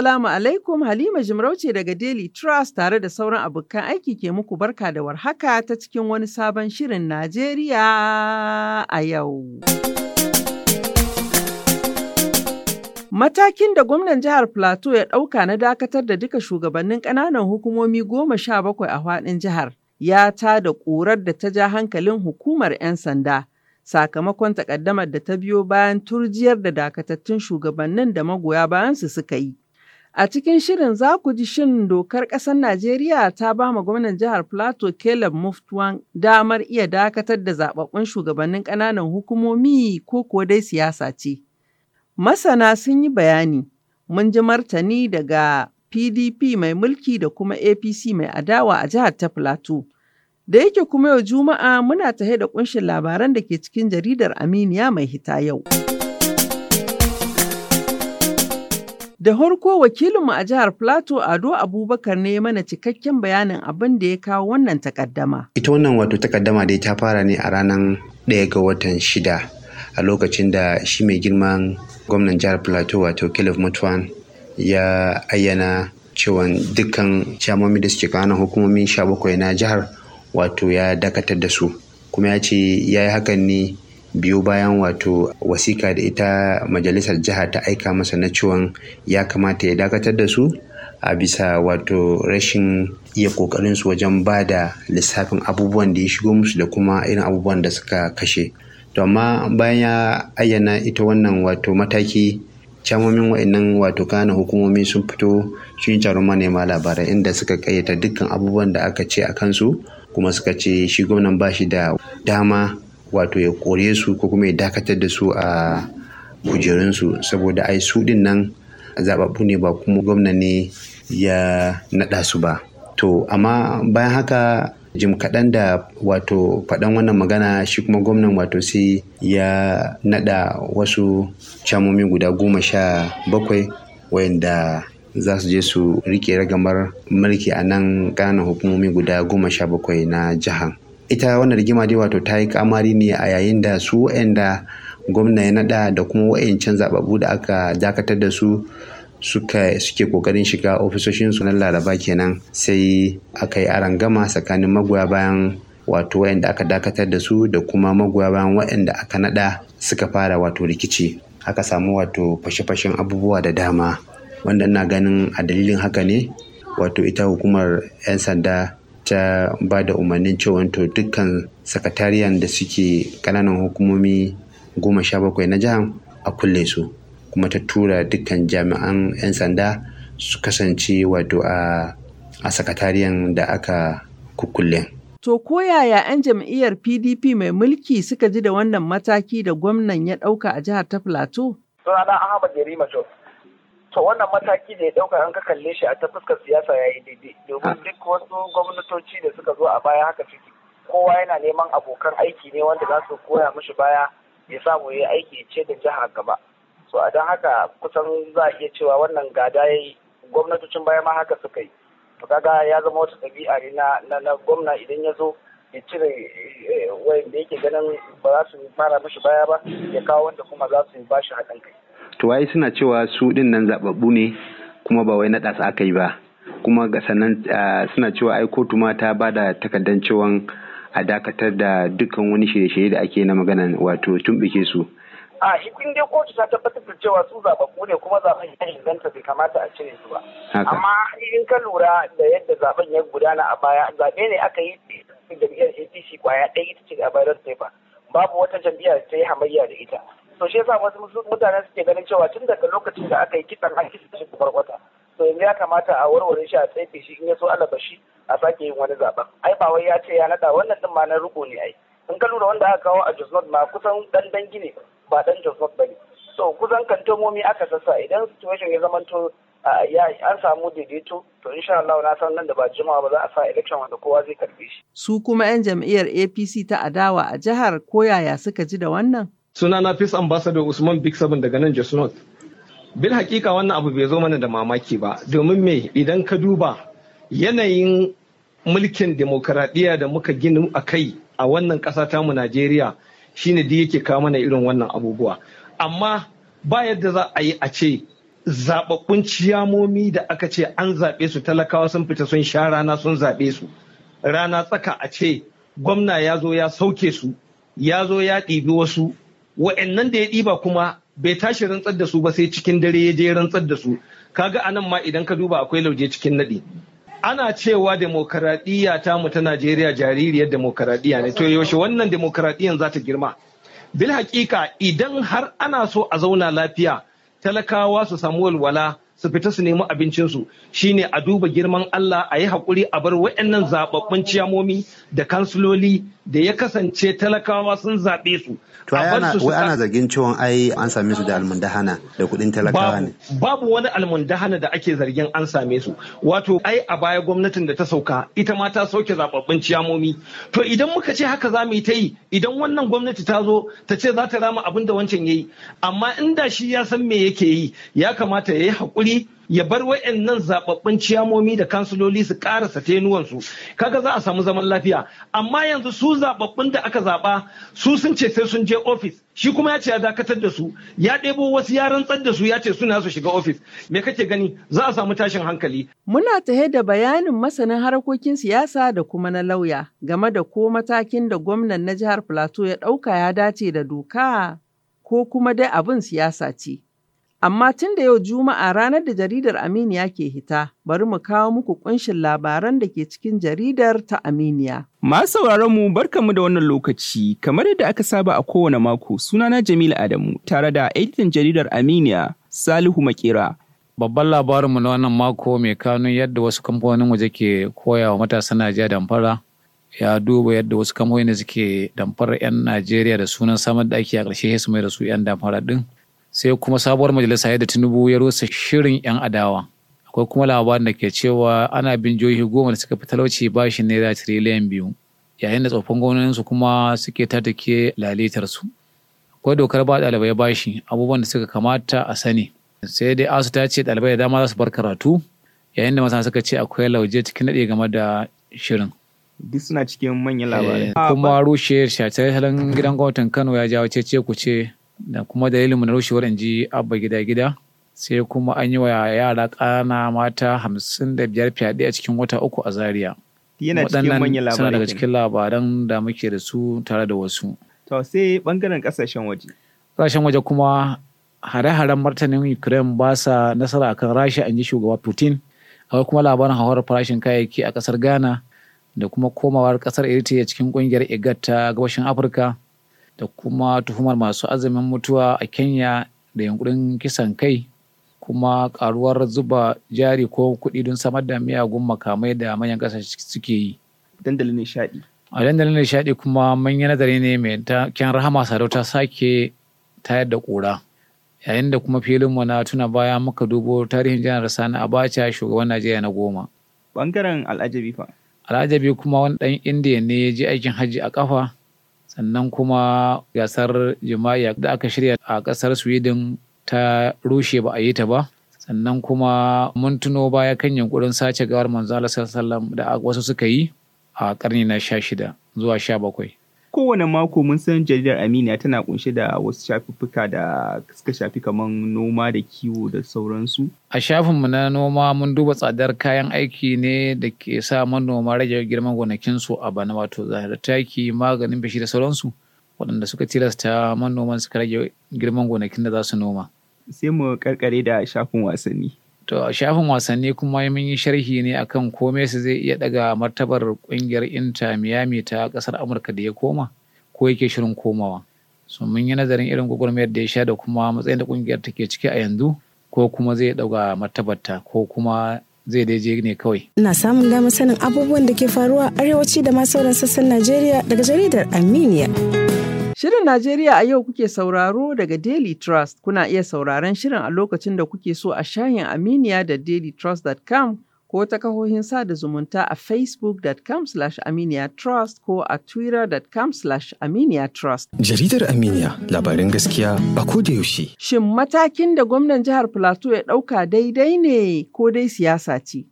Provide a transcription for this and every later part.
Assalamu alaikum Halima Jimarauce daga Daily Trust tare da sauran abokan aiki ke muku barka da warhaka ta cikin wani sabon shirin Najeriya a yau. Matakin da gwamnan jihar Plateau ya ɗauka na dakatar da duka shugabannin ƙananan hukumomi goma sha bakwai a faɗin jihar ya ta da ƙurar da ta ja hankalin hukumar 'yan sanda. Sakamakon takaddamar da ta biyo bayan turjiyar da dakatattun shugabannin da magoya bayansu suka yi. A cikin shirin za ku ji shin dokar ƙasar Najeriya ta ba ma gwamnan jihar Plateau Caleb Muftuan damar iya dakatar da zaɓaɓɓun shugabannin ƙananan hukumomi ko kuwa dai siyasa ce. Masana sun yi bayani, mun ji martani daga PDP mai mulki da kuma APC mai adawa a jihar ta Plateau. Da yake kuma yau Juma'a muna tahe da ƙunshin labaran da ke cikin jaridar Aminiya mai hita yau. Da harko wakilinmu a jihar Plateau Ado Abubakar ne mana cikakken bayanin abin da ya kawo wannan takaddama. Ita wannan wato takaddama dai ta fara ne a ranar ɗaya ga watan shida a lokacin da shi mai girman gwamnan jihar Plateau wato kilif Mutuwan ya ayyana cewa dukkan shamomi da suke kanan hukumomin sha bakwai na jihar wato ya dakatar da su kuma ya ce ya yi hakan ne biyu bayan wato wasika da ita majalisar jiha ta aika masa na ciwon ya kamata ya dakatar da su a bisa wato rashin iya su wajen ba da lissafin abubuwan da ya shigo musu da kuma irin abubuwan da suka kashe to amma bayan ya ayyana ita wannan wato mataki camomin wa'annan wato kana hukumomi sun fito sun taron manema labarai inda suka kayyata dukkan abubuwan da aka ce a kansu kuma suka ce shi gwamnan ba shi da dama wato ya kore su ko kuma ya dakatar da su a kujerunsu saboda ai su din nan zababbu ne ba kuma gwamna ne ya naɗa su ba to amma bayan haka jim kaɗan da wato faɗan wannan magana shi kuma gwamnan wato sai ya naɗa wasu camomi guda goma sha bakwai wayanda za su je su rike ragamar mulki a nan ƙananan hukumomi guda goma sha bakwai na jihar ita wannan rigima dai wato ta yi kamari ne a yayin da su wa'anda gwamna ya nada da kuma wa'ancan zababbu da aka dakatar da su suka suke kokarin shiga ofisoshin su na laraba kenan sai aka yi arangama tsakanin magoya bayan wato wa'anda aka dakatar da su da kuma magoya bayan wa'anda aka nada suka fara wato rikici aka samu wato fashe-fashen abubuwa da dama wanda ina ganin a dalilin haka ne wato ita hukumar 'yan sanda ta ba da umarnin cewa to dukkan sakatariyan da suke ƙananan hukumomi goma sha bakwai na jihar a kulle su kuma ta tura dukkan jami'an 'yan sanda su kasance wato a sakatariyan da aka kukulle. To ko yaya 'yan jam'iyyar PDP mai mulki suka ji da wannan mataki da gwamnan ya ɗauka a jihar ta Filato? Sunana Ahmad Yarima Jos. to wannan mataki da ya dauka an ka kalle shi a ta fuskar siyasa ya yi daidai domin hmm. duk wasu gwamnatoci da suka zo a baya haka ciki. kowa yana neman abokan aiki ne wanda za su koya mishi baya ya samu ya aiki ce da jiha gaba so a don haka kusan za a iya cewa wannan gada ya yi gwamnatocin baya ma haka suka yi to kaga ya zama wata ɗabi'a ne na na gwamna idan ya zo ya cire eh, wanda yake ganin ba za su fara mishi baya ba ya kawo wanda kuma za su ba shi haɗin kai to wai suna cewa su din nan zababbu ne kuma ba wai naɗa su aka yi ba kuma ga sannan suna cewa ai kotu ma ta ba da takardar cewa a dakatar da dukkan wani shirye-shirye da ake na magana wato tumbike su a in dai kotu ta tabbatar da cewa su zababbu ne kuma zaben ya inganta bai kamata a cire su ba amma in ka lura da yadda zaben ya gudana a baya zabe ne aka yi da jam'iyyar APC kwaya ɗaya ita ce a bayar da ba, babu wata jam'iyyar ta yi hamayya da ita to shi yasa wasu mutane suke ganin cewa tun daga lokacin da aka yi kitan an kisa shi wata. to yanzu ya kamata a warware shi a tsaife shi in ya so alaba shi a sake yin wani zaben ai ba wai ya ce ya nada wannan din ma na ruko ne ai in ka lura wanda aka kawo a Josnot ma kusan dan dangi ne ba dan North bane so kusan kantomomi aka sassa idan situation ya to ya an samu daidaito to insha Allah na san nan da ba jimawa ba za a sa election wanda kowa zai karbe shi su kuma yan jam'iyyar APC ta adawa a jihar koyaya suka ji da wannan Sunana Peace Ambassador Usman Big Seven daga nan Jos North. Bil hakika wannan abu bai zo mana da mamaki ba, domin me idan ka duba yanayin mulkin demokaradiyya da muka gina a kai a wannan ƙasa tamu Najeriya shine da yake kawo mana irin wannan abubuwa. Amma ba yadda za a yi a ce zababbun ciyamomi da aka ce an zaɓe su talakawa sun fita sun sha rana sun zaɓe su. Rana tsaka a ce gwamna ya zo ya sauke su, ya zo ya ɗibi wasu wa'annan da ya ɗiba kuma bai tashi rantsar da su ba sai cikin dare ya je rantsar da su kaga anan ma idan ka duba akwai lauje cikin naɗi ana cewa demokaradiyya ta mu ta Najeriya jaririyar demokaradiyya ne to yaushe wannan demokaradiyyan za ta girma bil hakika idan har ana so a zauna lafiya talakawa su samu walwala su fita su nemi abincinsu shine a duba girman Allah a yi haƙuri a bar waɗannan zaɓaɓɓun ciyamomi da kansuloli da ya kasance talakawa sun zaɓe su. wai ana zargin ciwon ai an same su da almundahana da kuɗin talakawa ne. Babu wani almundahana da ake zargin an same su. Wato ai a baya gwamnatin da ta sauka ita ma ta sauke zaɓaɓɓun ciyamomi. To idan muka ce haka za mu yi ta yi idan wannan gwamnati ta zo ta ce za ta rama abin da wancan ya yi. Amma inda shi ya san me yake yi ya kamata ya yi haƙuri hankali ya bar nan zababbun ciyamomi da kansiloli su karasa tenuwansu kaga za a samu zaman lafiya amma yanzu su zababbun da aka zaba su sun ce sai sun je ofis shi kuma ya ce ya dakatar da su ya ɗebo wasu ya rantsar da su ya ce suna su shiga ofis me kake gani za a samu tashin hankali muna tahe da bayanin masanin harkokin siyasa da kuma na lauya game da ko matakin da gwamnan na jihar plateau ya ɗauka ya dace da doka ko kuma dai abin siyasa ce Amma tun da yau Juma'a ranar da jaridar Aminiya ke hita, bari mu kawo muku kunshin labaran da ke cikin jaridar ta Aminiya. Masu sauraron mu barkamu da wannan lokaci, kamar yadda aka saba a kowane mako suna na Jamilu Adamu tare da editan jaridar Aminiya Salihu Makera. Babban labarinmu na wannan mako mai kanun yadda wasu kamfanonin waje ke koya wa matasan Najeriya damfara. ya duba yadda wasu kamfani suke damfara 'yan Najeriya da sunan samar da ake a ƙarshe su mai da su 'yan damfara ɗin. sai kuma sabuwar majalisa da tinubu ya rusa shirin 'yan adawa akwai kuma labarin da ke cewa ana bin jihohi goma da suka fi talauci bashin naira tiriliyan biyu yayin da tsofaffin su kuma suke tattake su. akwai dokar ba ɗalibai bashi abubuwan da suka kamata a sani sai dai asu ta ce ɗalibai da dama za su bar karatu yayin da masana suka ce akwai lauje cikin daɗe game da shirin duk suna cikin manyan labarai eh, kuma rushe shatar gidan gwamnatin kano ya jawo cece ku ce da kuma dalilinmu na rushewar inji abba gida gida sai kuma an yi wa yara ƙana mata hamsin da biyar fyaɗe a cikin wata uku a zaria yana cikin manyan suna daga cikin labaran da muke da su tare da wasu to sai bangaren ƙasashen waje ƙasashen waje kuma hare-haren martanin ukraine ba sa nasara kan rasha an ji shugaba putin akwai kuma labarin hawar farashin kayayyaki a ƙasar ghana da kuma komawar ƙasar eritrea cikin ƙungiyar igat ta gabashin afirka da kuma tuhumar masu azumin mutuwa a kenya da yankurin kisan kai kuma karuwar zuba jari ko kuɗi don samar da miyagun makamai da manyan ƙasashe suke yi dandalin a dandalin nishaɗi kuma manyan nazari ne mai kyan rahama sadau ta sake tayar da ƙura yayin da kuma filinmu na tuna baya muka dubo tarihin janar sani a abacha shugaban najeriya na goma bangaren al'ajabi fa al'ajabi kuma wani ɗan indiya ne ya je aikin hajji a kafa sannan kuma gasar jima'i da aka shirya a ƙasar sweden ta rushe ba a yi ta ba sannan kuma mun tuno baya kan yunkurin sace gawar manzo da wasu suka yi a karni na sha shida zuwa sha bakwai kowane mako mun san jaridar aminiya tana kunshe da wasu shafuffuka da suka shafi kamar noma da kiwo da sauransu a shafinmu na noma mun duba tsadar kayan aiki ne da ke sa manoma rage girman gonakinsu a bana wato zahar taki maganin bishi da sauransu waɗanda suka tilasta manoman suka rage girman gonakin da za su noma sai mu karkare da shafin wasanni To a shafin wasanni kuma mun yi sharhi ne akan ko Messi zai iya daga martabar kungiyar Inter Miami ta kasar Amurka da ya koma ko yake shirin komawa. So mun yi nazarin irin gwagwarmayar da ya sha da kuma matsayin da kungiyar take ciki a yanzu ko kuma zai daga martabarta ko kuma zai dai ne kawai. Ina samun damar sanin abubuwan da ke faruwa arewaci da ma sauran sassan Najeriya daga jaridar Aminiya. Shirin Najeriya a yau kuke sauraro daga Daily Trust. Kuna iya sauraron shirin a lokacin da kuke so a shahin Aminiya da dailytrust.com ko ta kahohin sada zumunta a facebook.com slash trust ko a twitter.com slash trust. Jaridar Aminiya labarin gaskiya a yaushe. Shin matakin da gwamnan jihar Plateau ya ɗauka daidai ne ko dai siyasa ce?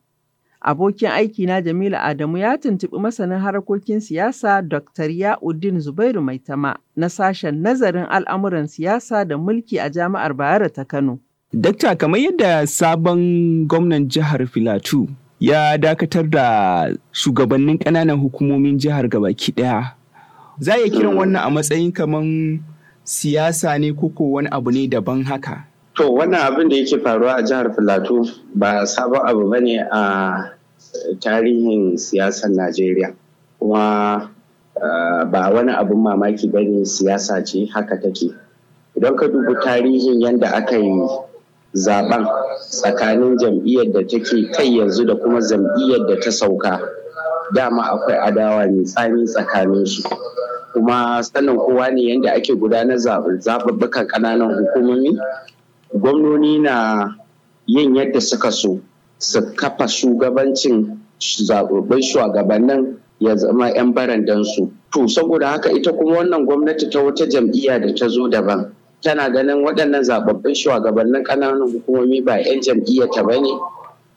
Abokin aikina Jamilu Adamu ya tuntuɓi masanin harkokin siyasa Dr. Ya'uddin Zubairu Maitama na sashen nazarin al'amuran siyasa da mulki a Jami'ar Bayero ta Kano. Dakta kamar yadda sabon gwamnan jihar Filatu ya dakatar da shugabannin ƙananan hukumomin jihar gabaki ɗaya. Za iya kiran wannan a matsayin kamar siyasa ne ko wani abu ne daban haka? To wannan abin da yake faruwa a jihar Filato ba sabon abu ba ne a tarihin siyasar Najeriya. Kuma eh, ba wani abin mamaki ba ne siyasa ce haka take. Idan ka dubi tarihin yadda aka yi zaben tsakanin jam'iyyar da take kai yanzu da kuma jam'iyyar da ta sauka dama akwai adawa mai tsami tsakanin su. kuma sanin kowa ne yadda ake gudanar zaɓuɓɓukan ƙananan hukumomi gwamnoni na yin yadda suka so su kafa shugabancin zaɓaɓɓun shugabannin ya zama 'yan barandansu. To saboda haka ita kuma wannan gwamnati ta wata jam'iyya da ta zo daban. Tana ganin waɗannan zaɓaɓɓun shugabannin ƙananan hukumomi ba 'yan jam'iyya ta ba ne,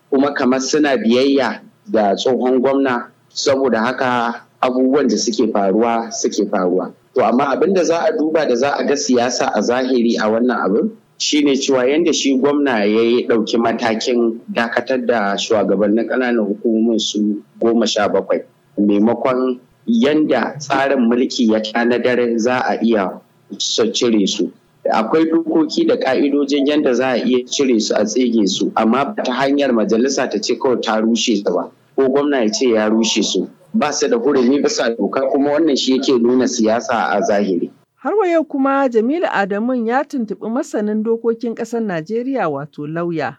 kuma kamar suna biyayya da tsohon gwamna saboda haka abubuwan da suke faruwa suke faruwa. To amma abin da za a duba da za a ga siyasa a zahiri a wannan abin shine cewa yadda shi gwamna ya yi ɗauki matakin dakatar da shugabannin ƙananan hukumomin su goma sha bakwai maimakon yadda tsarin mulki ya tanadar za a iya cire su akwai dokoki da ka'idojin yadda za a iya cire su a tsege su amma ta hanyar majalisa ta ce kawai ta rushe su ba ko gwamna ya ce ya rushe su ba su da hurumi bisa doka kuma wannan shi yake nuna siyasa a zahiri Har wa yau kuma Jamilu Adamun ya tuntuɓi masanin dokokin ƙasar Najeriya wato lauya.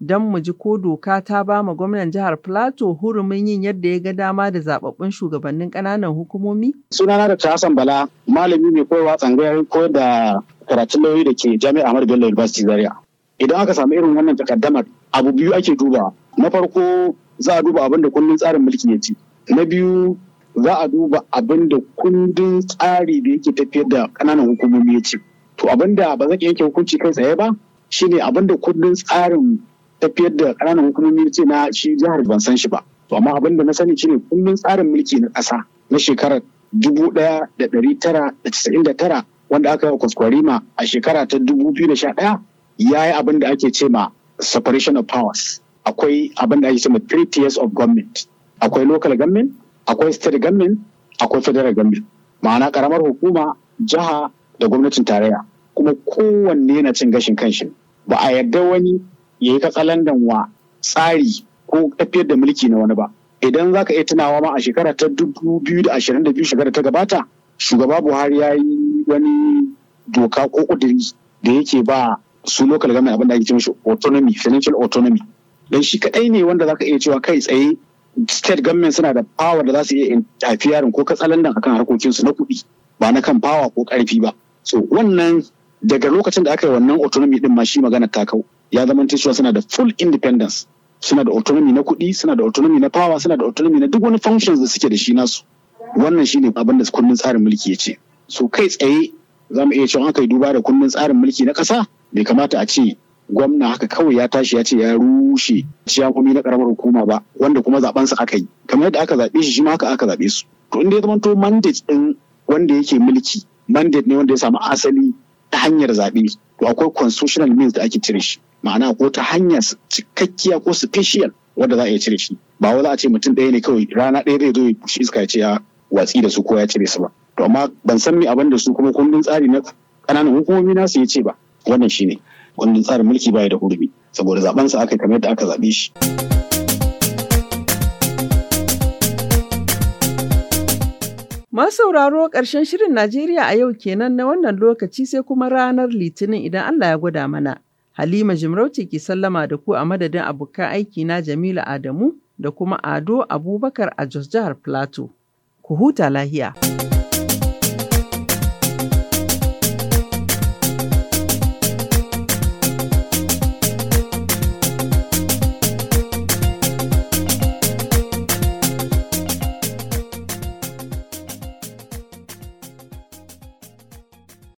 Don mu ji ko doka ta ba ma gwamnan jihar Plateau hurumin yin yadda ya ga dama da zababbun shugabannin ƙananan hukumomi? Sunana da Hassan Bala, malami mai koyarwa tsangayar koyar da karatun lauyi da ke Jami'a Ahmadu Bello University Zaria. Idan aka samu irin wannan takaddamar, abu biyu ake duba. Na farko za a duba abin da kundin tsarin mulki ya ce. Na biyu za a duba abin da kundin tsari da yake tafiyar da ƙananan hukumomi ya ce to abin da ba ka yanke hukunci kai tsaye ba shine abin da kundin tsarin tafiyar da kananan hukumomi ya ce na shi jihar ban san shi ba to amma abin da na sani shine kundin tsarin mulki na ƙasa na shekarar dubu ɗaya da ɗari tara da casa'in da tara wanda aka yi kwaskwarima a shekara ta dubu biyu da sha ɗaya ya yi abin da ake ce ma separation of powers akwai abin da ake ce ma three tiers of government akwai local government akwai state government akwai federal government ma'ana karamar hukuma jiha da gwamnatin tarayya kuma kowanne yana cin gashin kanshi ba a yarda wani ya yi katsalandan wa tsari ko tafiyar da mulki na wani ba idan za ka iya tunawa ma a shekara ta biyu shekara ta gabata shugaba buhari ya yi wani doka ko kudiri da yake ba su local government abin da ake ce mishi autonomy financial autonomy dan shi kadai ne wanda zaka iya cewa kai tsaye state government suna da power da za su iya interfering ko katsalandan akan harkokinsu na kuɗi ba na kan power ko ƙarfi ba so wannan daga lokacin da aka yi wannan autonomy din ma shi magana ta kau ya zama cewa suna da full independence suna da autonomy na kuɗi suna da autonomy na power suna da autonomy na duk wani functions da suke da shi nasu wannan shi ne abin da kundin tsarin mulki ya ce so kai tsaye za mu iya cewa aka yi duba da kundin tsarin mulki na ƙasa bai kamata a ce gwamna haka kawai ya tashi ya ce ya rushe kuma na karamar hukuma ba wanda kuma su aka yi kamar yadda aka zaɓe shi shi ma haka aka zaɓe su to inda ya zamanto mandate din wanda yake mulki mandate ne wanda ya samu asali ta hanyar zaɓe to akwai constitutional means da ake cire shi ma'ana ko ta hanyar cikakkiya ko special wanda za a cire shi ba wai za a ce mutum ɗaya ne kawai rana ɗaya zai zo ya shi iska ya ce ya watsi da su ko ya cire su ba to amma ban san me abin da su kuma kundin tsari na kananan hukumomi nasu ya ce ba wannan shine wanda tsarin mulki bai da hurumi saboda zabensa aka kamar da aka zabe shi. sauraro ƙarshen shirin Najeriya a yau kenan na wannan lokaci sai kuma ranar Litinin idan Allah ya gwada mana. Halima jimrauti ke sallama da ku a madadin abokan aiki na Jamilu Adamu da kuma Ado Abubakar a Jos Jihar Plateau. Ku huta lahiya.